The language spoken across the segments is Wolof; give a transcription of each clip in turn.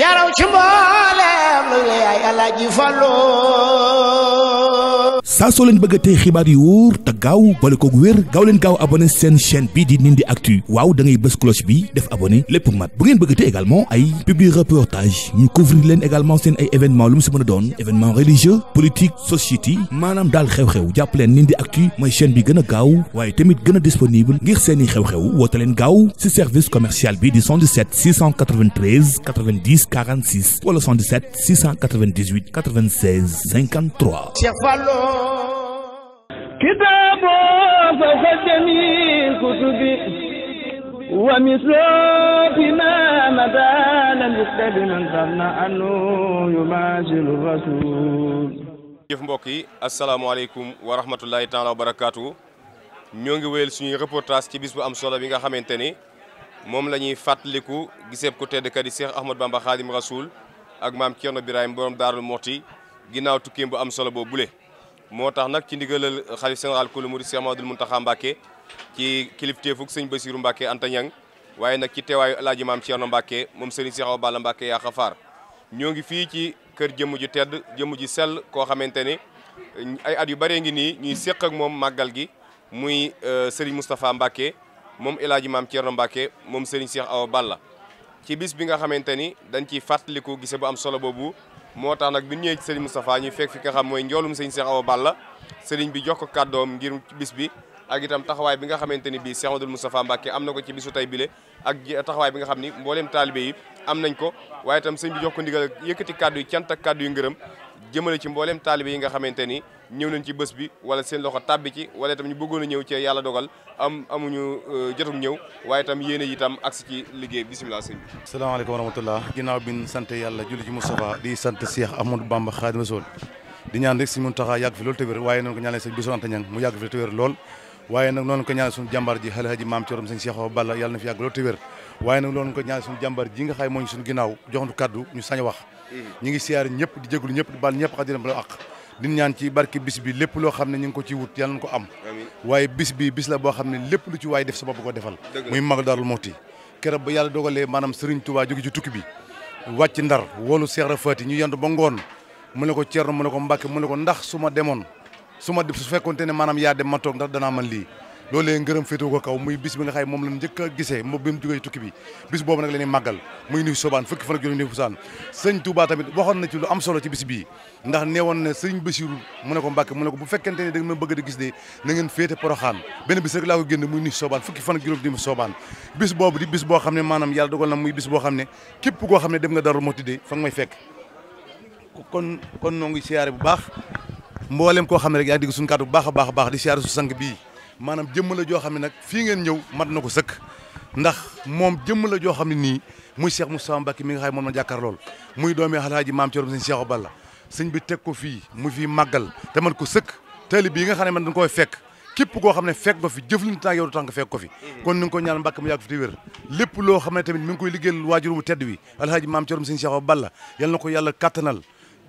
yaraw ci mboolem lu yaay Alaaji Fallu saa soo leen bëgg xibaar yu wóor te gaaw bale ko wér gaaw leen gaaw abonné seen chaîne bii di Ndindy Actu waaw da ngay bës cloche bi def abonné lépp mat bu ngeen bëgg également ay publi reportage ñu couvrir leen également seen ay événement lu si mën a doon événement religieux politique société maanaam daal xew-xew jàpp leen Ndindy Actu mooy chaîne bi gën a gaaw waaye tamit gën a disponible ngir seeni xew-xew woote leen gaaw si service commercial bi di 77 693 90 46 wala 77 698 96 53. Cheikh كتاب فوق جميع الكتب ومثله بما مدانا يكتب من ظن أنه يماثل الرسول jëf mbokk yi asalaamaaleykum wa rahmatullahi taala wa barakaatu ñoo ngi wéyal suñuy reportage ci bis bu am solo bi nga xamante ni moom lañuy ñuy fàttaliku giseeb ko tedd kat yi Cheikh Ahmad Bamba Khadim Rasoul ak maam Thierno Birahim borom Daarul Moxti ginnaaw tukkeem bu am solo boo bule moo tax nag ci ndigalal xalif général kulu murid Cheikh Mahamadul Muntaxa Mbàkke ci kilifteefug sëñ Basiiru Mbàkke Anta Ñang waaye nag ci teewaayu alaaji maam Ceerno Mbàkke moom sëriñ Seex Awa Balla Mbàkke ñoo ngi fii ci kër jëmm ju tedd jëmm ji sell koo xamante ne ay at yu bëree ngi nii ñuy séq ak moom màggal gi muy euh, sëriñ Moustapha Mbàkke moom alaaji maam Ceerno Mbàkke moom sëriñ Seex Awa Balla ci bis bi nga xamante ni dañ ciy fàttaliku gise bu am solo boobu moo tax nag bi ñu ñëwee ci Serigne Moustapha fekk fi nga xam mooy njoolum sëñ Cheikh Awa Balla Serigne bi jox ko kàddoom ngir bis bi ak itam taxawaay bi nga xamante ni bii Cheikh Amadou Moustapha Mbacké am na ko ci bisu tey bile ak taxawaay bi nga xam ni mbooleem taalibe yi am nañ ko waaye itam sëñ bi jox ko ndigal yëkkati kàddu yi cant ak kàddu yu ngërëm jëmale ci mbooleem taalibe yi nga xamante ni ñëw nañ ci bés bi wala seen loxo tabi ci wala itam ñu bëggoon a ñëw ci yàlla dogal am amuñu euh, jotum ñëw waaye itam yéene itam agsi ci liggéey bisimilah sëñ bi salaamaaleykum wa rahmatullah ginnaaw bi ñu sant yàlla julli ci Moustapha di sant Cheikh Ahmadou Bamba Khadim Rasoul di ñaan rek si mun taxaa yàgg fi loolu tëwér waaye noonu ko ñaanale sëñ Bissou Anta waaye noonu ko ñaanale suñu jàmbaar ji xale haji maam coorom sëñ Cheikh Balla yàlla waaye nag loolu ko ñaan suñu jàmbar ji nga xay mooñ suñu ginnaaw joxantu kaddu ñu sañ wax mm-hmm. ñi ngi siyaar ñëpp di jéglu ñëpp di baal ñëpp xa dinam la aq di ñaan ci barke bis bi lépp loo xam ne ñu ngi ko ci wut yàlla nañ ko am waaye bis bi bis la boo xam ne lépp lu ci waaye def sa bopp ko defal muy magal daarul mawti keroog ba yàlla dogalee maanaam Serigne Touba jóge ci tukki bi wàcc ndar woolu Seex Ibra Faati ñu yendu ba ngoon mu ne ko Ceerno mu ne ko Mbàkke mu ne ko ndax su ma demoon su ma su fekkonte ne maanaam yaa dem ma toog danaa man lii loolee ngërëm féetoo ko kaw muy bis bi nga xam moom la njëkk a gisee moom bi mu jógee tukki bi bis boobu nag la ñuy màggal muy nuyu sobaan fukki fan ak juróom nuyu sobaan sëñ tamit waxoon na ci lu am solo ci bis bii ndax nee woon ne sëñ Bassirou mu ne ko Mbàkke mu ne ko bu fekkente ne da nga ma bëgg di gis de na ngeen féete poroxaan benn bis rek laa ko bis boobu di xam ne maanaam yàlla dogal na muy bis boo xam ne képp koo xam ne dem nga Darou Mouhty de fa nga may kon kon noo ngi siyaare bu baax mboolem koo xam ne rek yaa ngi dégg suñu kàddu baax a baax di siyaare su sang maanaam jëmm la joo xam ne nag fii ngeen ñëw mat na ko sëkk ndax moom jëmm la joo xam ne nii muy Cheikh Moustapha Mbacké mi nga xam ne moom na jàkkaar lool muy doomi alaaji maam Coorom sëñ Cheikh Balla sëñ bi ko fii mu fii màggal te man ko sëkk taalib yi nga xam ne man dañ koy fekk képp koo xam ne fekk ko fi jëflante ak yow du tax nga fekk ko fi kon ni ko ñaan Mbàkke mu yàgg fi te wér lépp loo xam ne tamit mi ngi koy liggéeyal waajur wu tedd wi alhaaji maam Coorom sëñ Cheikh Balla yal na ko yàlla kattanal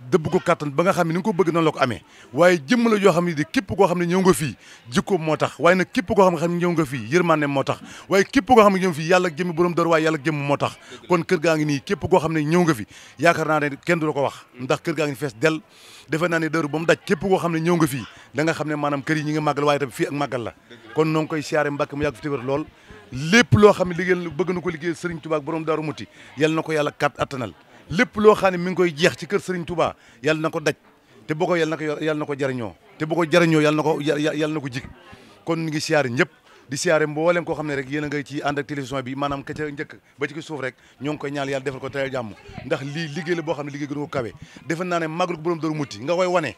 dëbb ko kàttan ba nga xam ne ni nga ko bëgg noonu la ko amee waaye jëmm la yoo xam ne di képp koo xam ne ñëw nga fii jikko moo tax waaye na képp koo xam ne ñëw nga fii yërmande moo tax waaye képp koo xam ne ñëw fii yàlla jëmmi borom dor waaye yàlla jëmm moo tax kon kër gaa ngi nii koo xam ne ñëw nga fi yaakaar naa ne ko wax ndax kër gaa ngi fees del defe naa ne dër ba mu daj képp koo xam ne ñëw nga fii da nga xam ne maanaam kër yi ñi nga màggal waaye tamit fii ak màggal la kon noo ngi koy siyaare Mbàkke mu yàgg fi téwér lool lépp loo xam ne liggéeyal bëgg na ko liggéeyal Sëriñ Tuubaa borom Daaru Muti yàlla na ko yàlla kat attanal lépp loo xam ne mi ngi koy jeex ci kër Serigne Touba yàlla na ko daj te boo ko yàlla na ko yàlla na ko jariñoo te boo ko jariñoo yàlla na ko yàlla na ko jig kon ñu ngi siyaare ñëpp di siyaare mboolem koo xam ne rek yéen a ci ànd ak télévision bi maanaam ka ca njëkk ba ci suuf rek ñoo ngi koy ñaan yàlla defal ko tey jàmm ndax lii liggéey la boo xam ne liggéey gën ko kawe defe naa ne magal ko borom dooru mutti nga koy wane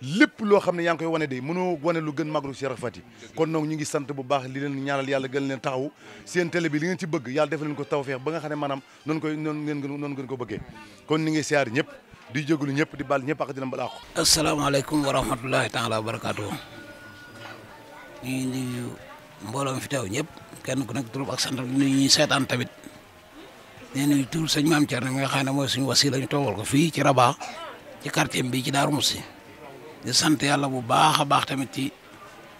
lépp loo xam ne yaa ngi koy wane de mënoo wane lu gën magalu Cheikh Fati kon donc ñu ngi sant bu baax li leen ñaanal yàlla gën leen taxaw seen télé bi li ngeen ci bëgg yàlla def leen ko taw ba nga xam ne maanaam noonu koy noonu ngeen noonu ngeen ko bëggee kon ni ngi siyaar ñëpp di jégalu ñëpp di baal ñëpp ak dina balaa ko asalaamaaleykum wa rahmatulahi taala wa barakaatu ñu ngi fi teew ñëpp kenn ku nekk ak sant nuyu ñuy seetaan tamit nee nuyu tur sëñ Maam Thierno mi nga mooy suñu wasila ñu toogal ko fii ci Rabat ci quartier bi ci Darou Moussi di sant yàlla bu baax a baax tamit ci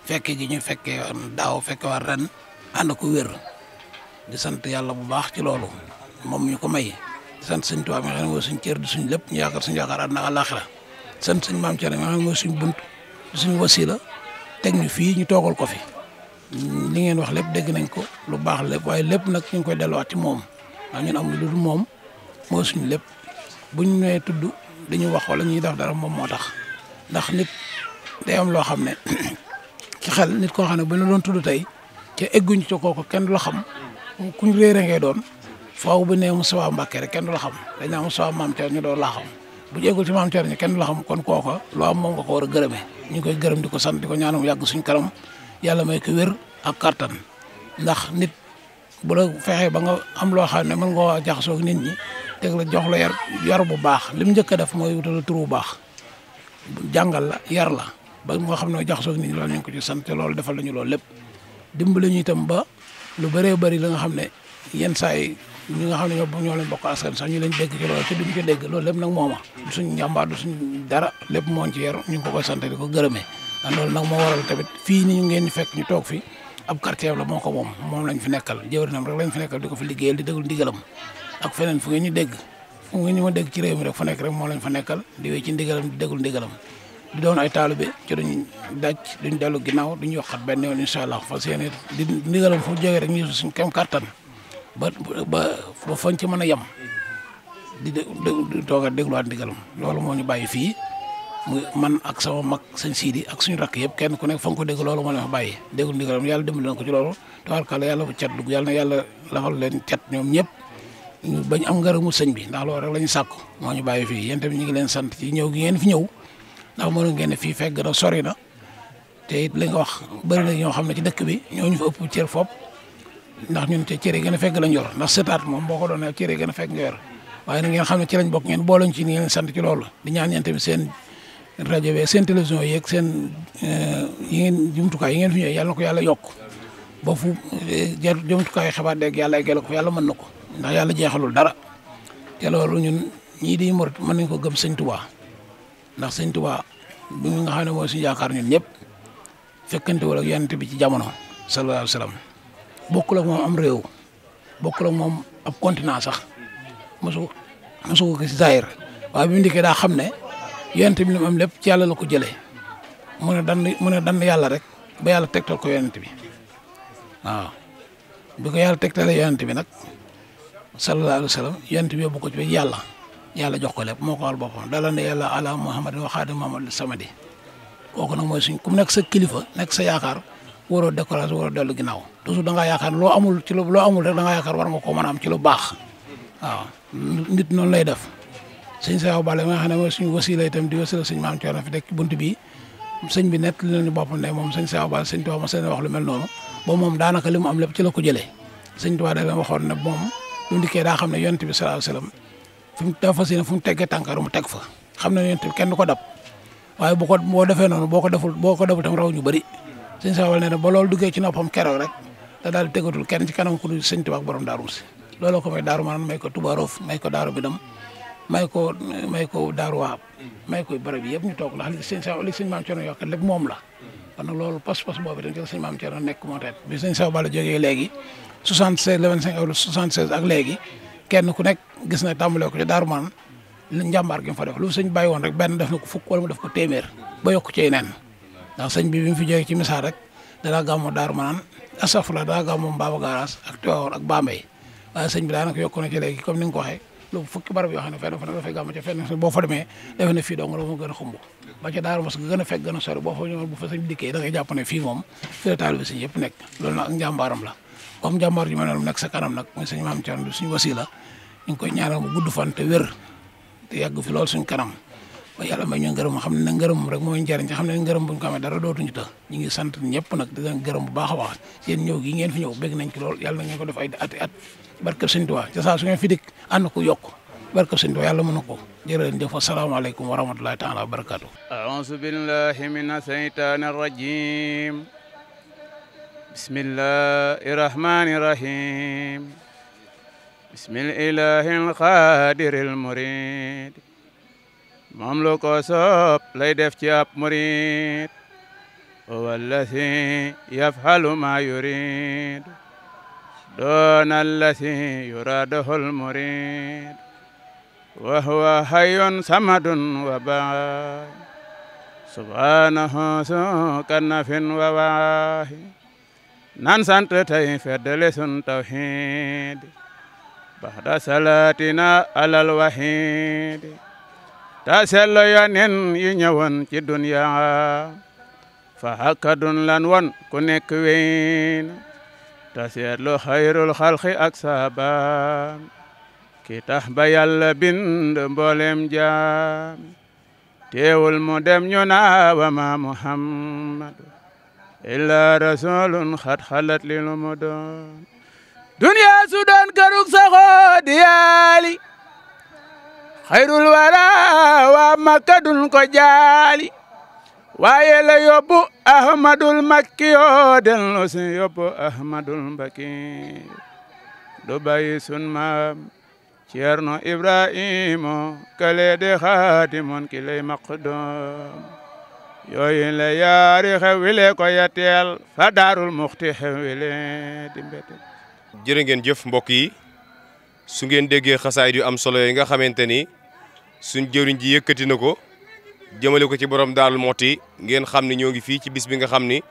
fekke ji ñu fekkee daaw fekke war ren ànd ko wér di sant yàlla bu baax ci loolu moom ñu ko may di sant sëñ Tuubaa mi nga xam ne suñ lépp ñu yaakaar suñ yaakaar àdduna ak àllaaxira sant sëñ maam Thierno mi nga xam bunt suñ wasila teg ñu fii ñu toogal ko fi li ngeen wax lépp dégg nañ ko lu baax lépp waaye lépp nag ñu koy delluwaat ci moom a ñu amul lu dul moom mooy suñ lépp buñ nee tudd dañuy wax wala ñuy def dara moom moo tax. ndax nit day am loo xam ne ci nit koo xam ne bu ñu doon tudd tey ca egguñ ci kooku kenn du la xam kuñ réere ngay doon faaw bu nee Moustapha Mbacké rek kenn du la xam dañ naa Moustapha maam Thierno ñu doon laa xam bu ñu eggul ci maam Thierno ñu kenn du la xam kon kooka loo am moom nga ko war gërëme ñu koy gërëm di ko sant di ko mu yàgg suñ kanam yàlla may ko wér ak kattan ndax nit bu la fexee ba nga am loo xam ne mën nga jaxasoo ak nit ñi teg la jox la yar yar bu baax lim njëkk a def mooy wutal bu baax jàngal la yar la ba nga xam ne jaxasoo nit ñi loolu ñu ngi ko ci sant loolu defal lañu loolu lépp dimbali ñu itam ba lu bëree bari la nga xam ne yenn saa yi ñi nga xam ne ñoo ñoo leen bokk askan sax ñu leen dégg ci loolu te duñ ci dégg loolu lépp nag mooma du suñu njàmbaar du suñu dara lépp moon ci yar ñu ngi ko koy sant di ko gërëmee a loolu nag moo waral tamit fii ni ñu ngeen fekk ñu toog fi ab quartier la moo ko moom moom lañ fi nekkal jëwrinam rek lañ fi nekkal di ko fi liggéeyal di déglu ndigalam ak feneen fu dégg xam nga ma dégg ci réew mi rek fa nekk rek moom lañ fa nekkal di wéy ci ndigalam di déglu ndigalam di doon ay taalibe ci duñ daj duñ dellu ginnaaw duñ waxat benn yoon incha allah fas yéene di ndigalam fu jógee rek ñi suñ kem kattan ba ba ba fañ ci mën a yem di dé di toog loolu moo ñu bàyyi fii mu man ak sama mag sëñ Sidi ak suñu rakk yëpp kenn ku nekk fa ko dégg loolu moo leen fa bàyyi déglu ndigalam yàlla dimbali na ko ci loolu tawarkàlla yàlla bu cat dugg yàlla na yàlla lafal leen cat ñoom ñëpp bañ am ngërëmu sëñ bi ndax loolu rek la ñu sàkku moo ñu bàyyi fii yéen tamit ñu ngi leen sant ci ñëw gi ngeen fi ñëw ndax mënu ngeen fii fekk na sori na te it li nga wax bëri na ñoo xam na ci dëkk bi ñoo ñu fa ëpp fop ndax ñun te cër yi gën a fekk lañ yor ndax sëtaat moom boo ko doon ne cër yi gën a fekk nga yor waaye na ngeen xam ne ci lañ bokk ngeen boolañ ngeen sant ci loolu di ñaan yéen tamit seen rajo bi seen télévision yeeg seen eh, yi ngeen jumtukaay yi ngeen fi yàlla na ko yàlla yokk ba fu eh, jumtukaayu xibaar dégg yàlla eggale ko yàlla mën na ko ndax yàlla jeexalul dara te loolu ñun ñii di murit mën nañ ko gëm sëñ Tuubaa ndax sëñ Tuubaa bu nga xam ne mooy suñu yaakaar ñun ñëpp fekkante wala ak yonent bi ci jamono sallallahu alayhi wa sallam bokkul moom am réew bokkul ak moom ab continent sax mosu mosu ko gis zaahir waaye bi mu dikkee daa xam ne yonent bi li mu am lépp ci yàlla ko jëlee mu ne dan mu ne dan yàlla rek ba yàlla tegtal ko yonent bi waaw bi ko yàlla tegtalee yonent bi nag sallallahu alayhi wa sallam yonent bi a ko ci yàlla yàlla jox ko lépp moo ko wal boppam yàlla ala muhammadin wa muhammad samadi kooku nag mooy suñ ku nekk sa kilifa nekk sa yaakaar waroo découragé waroo dellu ginnaaw toujours da ngaa yaakaar loo amul ci loo amul rek da ngaa yaakaar nga koo mën a am ci lu baax waaw nit noonu lay def sëñ Sao Balla mi nga xam ne mooy suñu bunt bi sëñ bi nett li leen boppam ne moom sëñ Sao Balla sëñ Tuubaa ma seen wax lu mel noonu ba moom daanaka li am lépp ci la ko jëlee sëñ Tuubaa da leen bi mu dikkee daa xam ne yonent bi sallallahu alayhi wasallam fi mu daa fas yéene fu mu teggee tànkaru mu teg fa xam ne yonent bi kenn du ko dab waaye bu ko boo defee noonu boo ko deful boo ko deful tam raw ñu bëri sëñ Saaliw nee na ba loolu duggee ci noppam keroog rek da daal tegatul kenn ci kanam ku dul sëñ Tuubaa ak borom daarum si looloo ko may daaru maanaam may ko Tuubaa Roof may ko daaru Bidam may ko may ko daaru Waab may koy barab yëpp ñu toog ndax li sëñ Saaliw li sëñ maam Cerno yokk lépp moom la kon nag loolu pas-pas boobu dañ ko sëñ maam Cerno nekk moo tax bi sëñ Saaliw Balla jógee léegi 76 le 25 avril 76 ak léegi kenn ku nekk gis na tàmbalee ko ci Darou Manane li fa def lu sëñ bàyyi woon rek benn def na ko fukk wala mu def ko téeméer ba yokk ci yeneen ndax sëñ bi fi jógee ci misaal rek danaa gàmmu Darou Manane asafura danaa gàmmu Mbaba ak Tiwaawoon ak Bambey waaye sëñ bi daanaka yokku na ci léegi comme ni nga lu fukki barab yoo xam ne fenn fa dafay gàmm ca fenn boo a xumb ba ca Darou Moukhty gën a a sori ne fii moom fi la taal bi sëñ yëpp nekk loolu la comme jàmbaar ju ma nekk sa kanam nag mooy suñu maam Thierno bi suñu wasila ñu ngi koy mu gudd fan te te yàgg fi lool suñu kanam ba yàlla may ñu ngërëm xam ne na ngërëm rek mooy njëriñ te a baax gi ngeen fi ñëw bégg nañ ci lool yàlla na ngeen ko def ay at at barkeb Sëñ Tuubaa ca saa su ngeen fi dikk ànd ko yokk barkeb Sëñ Tuubaa yàlla mën na ko jërëjëf asalaamaaleykum wa rahmatulahi taala wa barakaatu بسم الله الرحمن الرحيم بسم الإله القادر المريد moom lu ko soob lay def ci ab murid wallazi yafhalu ma yurid doon allazi yuradahul murid wa huwa hayyun samadun wa baay subhanahu sukannafin wa waahi nan sant tey feddale sun tawxiid baxda salaatina alal waxiid ta sello ya nen yi ñëwoon ci dunya fa hakkadun lan won ku nekk weyn ta seetlu xayrul xalqi ak saabaan ki tax ba yàlla bind mboolem jaam teewul mu dem ñu naa wa ma muhammad illa rasulun xat li lu mu doon duniya su doon karuk waa makka dun ko jaali waaye la yóbbu ahmadul makki yoo dellu ahmadul mbakki du bàyyi sun maam ceerno ibrahima kale ki lay maqdoom yooyu la yaari xew wile ko yetteel fa daarul muxti xew wile dimbete jërë ngeen jëf mbokk yi su ngeen déggee xasaayid yu am solo yi nga xamante ni suñ jëriñ ji yëkkati na ko jëmale ko ci borom daarul muxti ngeen xam ni ñoo ngi fii ci bis bi nga xam ni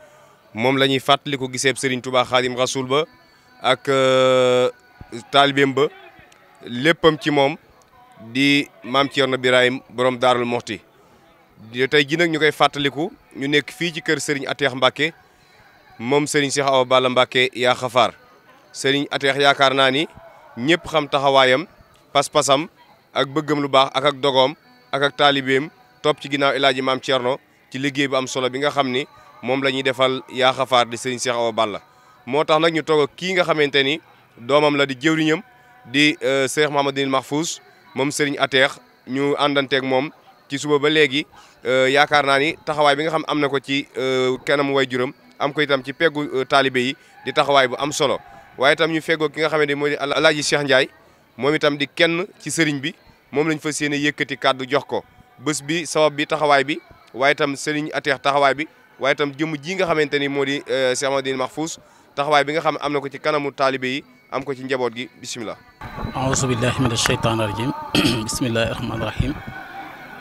moom la ñuy fàttali ko giseeb Serigne Touba Xaadim Rasul ba ak euh, taalibeem ba léppam ci moom di maam Thierno Birahim borom daarul muxti tey jii nag ñu koy fàttaliku ñu nekk fii ci kër Serigne Ateex mbake moom Serigne Cheikh Awa Balla Mbacke yaa xafaar Serigne Ateex yaakaar naa ni ñëpp xam taxawaayam pas-pasam ak bëggam lu baax ak ak dogoom ak ak taalibeem topp ci ginnaaw El Hadji Maam Thierno ci liggéey bu am solo bi nga xam ni moom la ñuy defal yaa xafaar di Serigne Cheikh Awa Balla moo tax nag ñu toog kii nga xamante ni doomam la di jëwriñam di euh, Cheikh Mouhamadinil Mahfouz moom Serigne Ateex ñu àndanteeg moom. ci suba ba léegi euh, yaakaar naa ni taxawaay bi nga xam am na ko ci euh, kanam way juram am ko itam ci peggu euh, taalibe yi di taxawaay bu am solo waaye itam ñu feggoo ki nga xamante ni moo di Alaaji Cheikh Ndiaye moom itam di kenn ci sëriñ bi moom lañ fas yéene yëkkati kàddu jox ko bés bi sabab bi taxawaay bi waaye itam sëriñ taxawaay bi waaye itam jëmm ji nga xamante ni moo di Cheikh Amadou Mahfous taxawaay bi nga xam am na ko ci kanamu taalibe yi am ko ci njaboot gi bisimilah. aouzu billahi mina shaytaani rajim bismillahi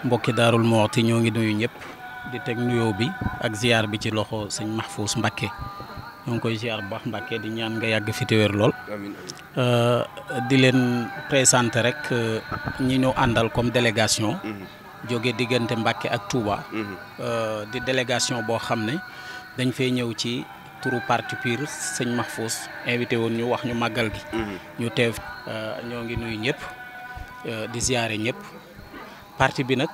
mbokki daarul moxti ñoo ngi nuyu ñëpp di teg nuyoo bi ak ziar bi ci loxo sëñ Mahfous Mbacké ñoo ngi koy ziar bu baax Mbacké di ñaan nga yàgg fi te wér lool euh, di leen présenté rek euh, ñi ñu àndal comme délégation mhm. jóge diggante Mbacké ak Touba mhm. euh, di délégation boo xam ne dañ fay ñëw ci turu parti PUR sëñ Mahfous invité woon ñu wax ñu màggal gi mhm. ñu teew ñoo ngi nuyu ñëpp di ziare ñëpp parti bi nag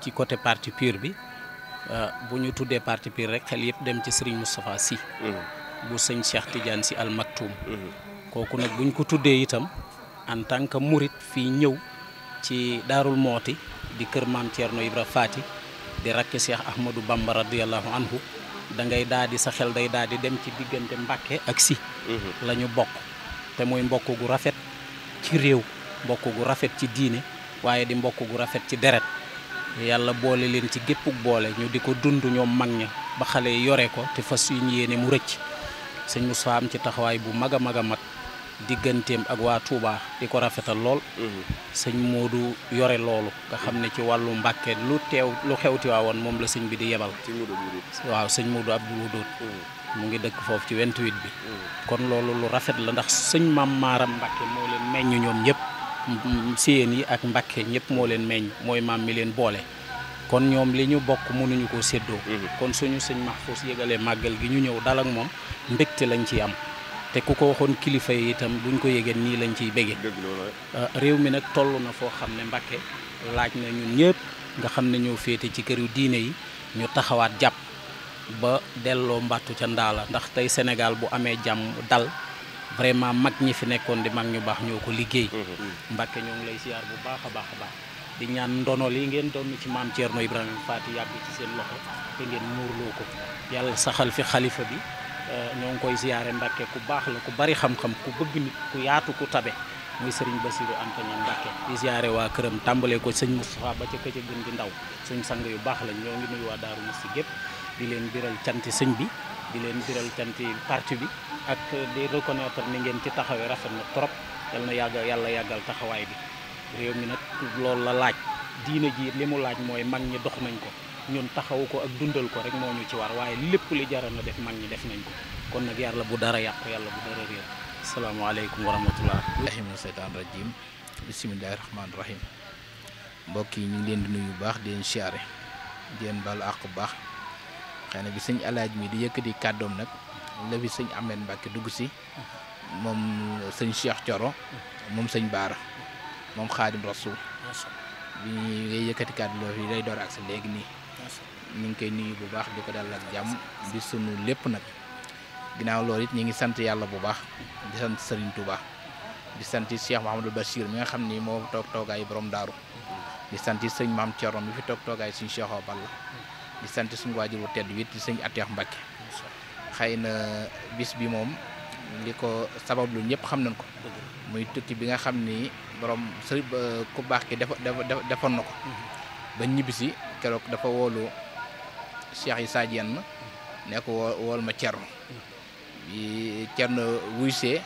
ci côté parti pur bi euh, bu ñu tuddee parti pur rek xel yëpp dem ci Serigne Moustapha Sy mm-hmm. bu sëñ Cheikh Tidiane si Al mm-hmm. kooku nag buñ ko tuddee itam en tant que murit fii ñëw ci Daarul Mooti di kër maam Thierno Ibra Faati di rakki Cheikh Ahmadou Bamba radiallahu anhu da ngay daal di sa xel day daal di dem ci diggante Mbàkke ak si mm-hmm. la ñu bokk te muy mbokk gu rafet ci réew mbokk gu rafet ci diine waaye di mbokk gu rafet ci deret yàlla boole leen ci géppuk boole ñu di ko dund ñoom mag ña ba xale yi yore ko te fas yu ñu yéene mu rëcc sëñ Moussa am ci taxawaay bu mag a mag a mag digganteem ak waa Touba di ko rafetal lool. Mhm. sëñ Modou yore loolu. nga xam ne ci wàllu Mbàkke lu teew lu xewti waa woon moom la sëñ bi di yebal. waaw sëñ Modou Abdou Wadoud. Mhm. mu ngi dëkk foofu ci 28 bi. Mhm. kon loolu lu rafet la ndax sëñ maam Maaram Mbàkke moo leen meññ ñoom ñëpp. séyéen yi ak Mbàkke ñëpp moo leen meññ mooy maam mi leen boole kon ñoom li ñu bokk mënuñu ko séddoo mhm. kon suñu sëñ Mahfous yëgalee màggal gi ñu ñëw dal ak moom mbégte lañ ciy am te ku ko waxoon kilifa yi itam buñ ko yëgeen nii lañ ciy bége euh, réew mi nag toll na foo xam ne Mbàkke laaj na ñun ñëpp nga xam ne ñoo féete ci këru diine yi ñu taxawaat jàpp ba delloo mbàttu ca ndaa la ndax tey Sénégal bu amee jàmm dal vraiment mag ñi fi nekkoon di mag ñu baax ñoo ko liggéey mm-hmm. Mbàkke ñoo ngi lay siyaar bu baax a baax a baax di ñaan ndono li ngeen doon ci maam Thierno Ibrahima Faty yàgg ci seen loxo te ngeen muurloo ko yàlla saxal fi xalifa bi euh, ñoo ngi koy siyaare Mbàkke ku baax la ku bari xam-xam ku bëgg nit ku yaatu ku tabe muy Serigne Bassirou Anta na Mbàkke di siyaare waa këram tàmbalee ko sëñ Moustapha ba ca këca gën di ndaw suñ sang yu baax lañ ñoo ngi nuyu waa Daaru Musti gépp di leen biral canti sëñ bi di leen biral canti parti bi ak di reconnaître ni ngeen ci taxawee rafet na trop yal na yàgg yàlla yàggal taxawaay bi réew mi nag loolu la laaj diine ji li mu laaj mooy mag ñi dox nañ ko ñun taxawu ko ak dundal ko rek moo ñu ci war waaye lépp li jara na def mag ñi def nañ ko kon nag yàlla bu dara yàqu yàlla bu dara réew asalaamaaleykum wa rahmatullah mina seytaan rajim bisimilahi rahmaani rahim mbokk yi ñu ngi leen di nuyu baax di leen siyaare di leen bu baax xëy na bi sëñ alaaj mi di yëkkati kàddoom nag la sëñ Ahmed Mbacke dugg si moom sëñ Cheikh coro moom sëñ Baara moom Xaadim Rasul bi ngay yëkkati kàddu loo fi day door ak sa léegi nii mu ngi koy nuyu bu baax di ko dal ak jàmm bi sunu lépp nag ginnaaw loolu it ñu ngi sant yàlla bu baax di sant Serigne Touba di sant Cheikh du Bachir mi nga xam ni moo toog toogaayu borom daaru di sant sëñ Maam Thioro mi fi toog toogaay suñu Cheikh Obal di sant suñu waajur wu tedd wit di sëñ Ateex Mbacke xëy na bis bi moom li ko sabablu ñëpp xam nañ ko muy tukki bi nga xam ni borom sëriñ ku baax ki dafa defoon na ko ba ñibbisi keroog dafa wooloo Cheikh Issa Diène ne ko woo wool ma Cerno bi Cerno wuysee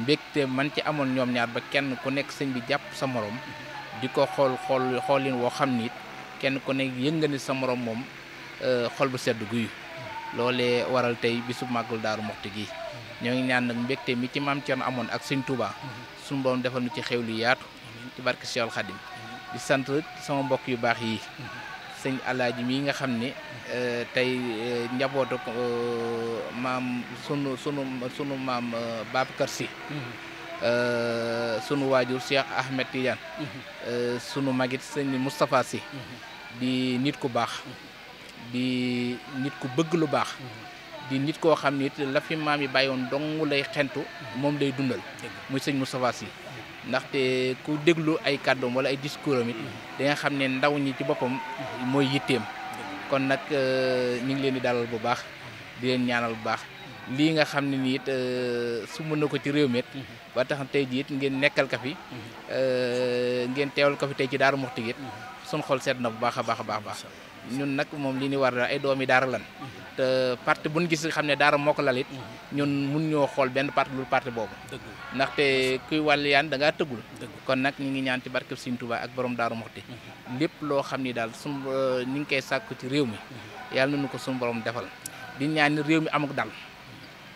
mbégte man ci amoon ñoom ñaar ba kenn ku nekk sëñ bi jàpp sa moroom di ko xool xool xoolin woo xam ni kenn ku nekk yëngani sa moroom moom euh, xol bu sedd guyu loolee waral tey bisub màggul daaru moxti gi ñoo ngi ñaan nag mbégte mi ci maam Cerno amoon ak sëñ Tuubaa suñu borom defal nu ci xew lu yaatu ci barke si Xadim sant sama mbokk yu baax yi sëñ alaaji mii nga xam ne eh, tey eh, njabootu eh, maam sunu sunu sunu maam Babacar Sy sunu waajur Cheikh Ahmed Tidiane mm-hmm. sunu magit sëñ Moustapha Sy mm-hmm. di nit ku baax di nit ku bëgg lu baax mm-hmm. di nit koo xam ni lafi fi maam yi bàyyoon dong lay xentu mm-hmm. moom day dundal muy sëñ Moustapha Sy mm-hmm. ndaxte ku déglu ay kàddoom wala ay discours am it da xam ne ndaw ñi ci boppam mooy yitteem kon nag euh, ñu ngi leen di daalal bu baax di leen ñaanal bu baax lii nga xam ne nii su euh, sumb na ko ci réew mi it tax tey jii ngeen nekkal ka fi euh, ngeen teewal ko fi tey ci Daaru Muxti it sun xol seet na bu baax a baax a baax baax ñun nag moom li ni war ay doomi daara lan te parti buñ gis xam ne daara moo ko lalit ñun mun ñoo xool benn parti lu parti boobu ndaxte kuy wàll yaan da ngaa tëggul kon nag ñu ngi ñaan ci barkeb Sëriñ Tuubaa ak borom daara moxti lépp loo xam ni daal sum euh, ñu ngi koy sàkku ci réew mi yàlla nañu ko suñu borom defal di ñaan réew mi amuk dal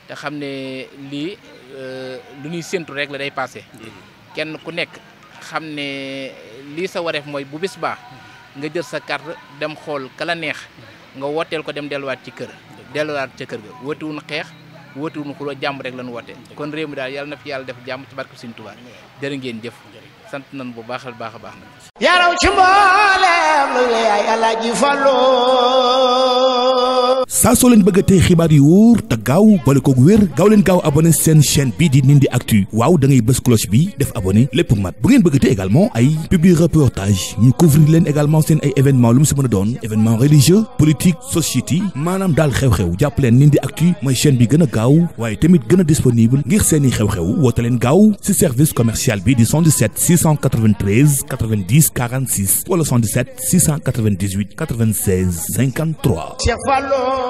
te xam ne lii euh, lu ñuy séntu rek la day passé kenn ku nekk xam ne lii sa wareef mooy bu bis baa hmm. nga jël sa carte dem xool kala neex nga wooteel ko dem delluwaat ci kër delluwaat ca kër ga wootiwun xeex wootiwun xuloo jàmm rek lañu woote kon réew mi daal yàlla na fi yàlla def jàmm ci barke Sëriñ Tuubaa jërë ngeen jëf sant nañ bu baax a baax a baax na yaraw ci mbooleem lu yaay Alaaji Fallu saa soo leen bëgg a xibaar yu wóor te gaaw boole koog wér gaaw gaaw abonné seen chaîne bii di Ndindy Actu waaw da ngay bës cloche bi def abonné lépp mat bu ngeen bëgg également ay publi reportage ñu couvrir leen également seen ay événement lu si mën a doon événement religieux politique société maanaam daal xew-xew jàpp leen Ndindy Actu mooy chaîne bi gën a gaaw waaye tamit gën a disponible ngir seeni i xew-xew woote leen gaaw si service commercial bi di 77 693 90 46 wala 77 698 96 53. Cheikh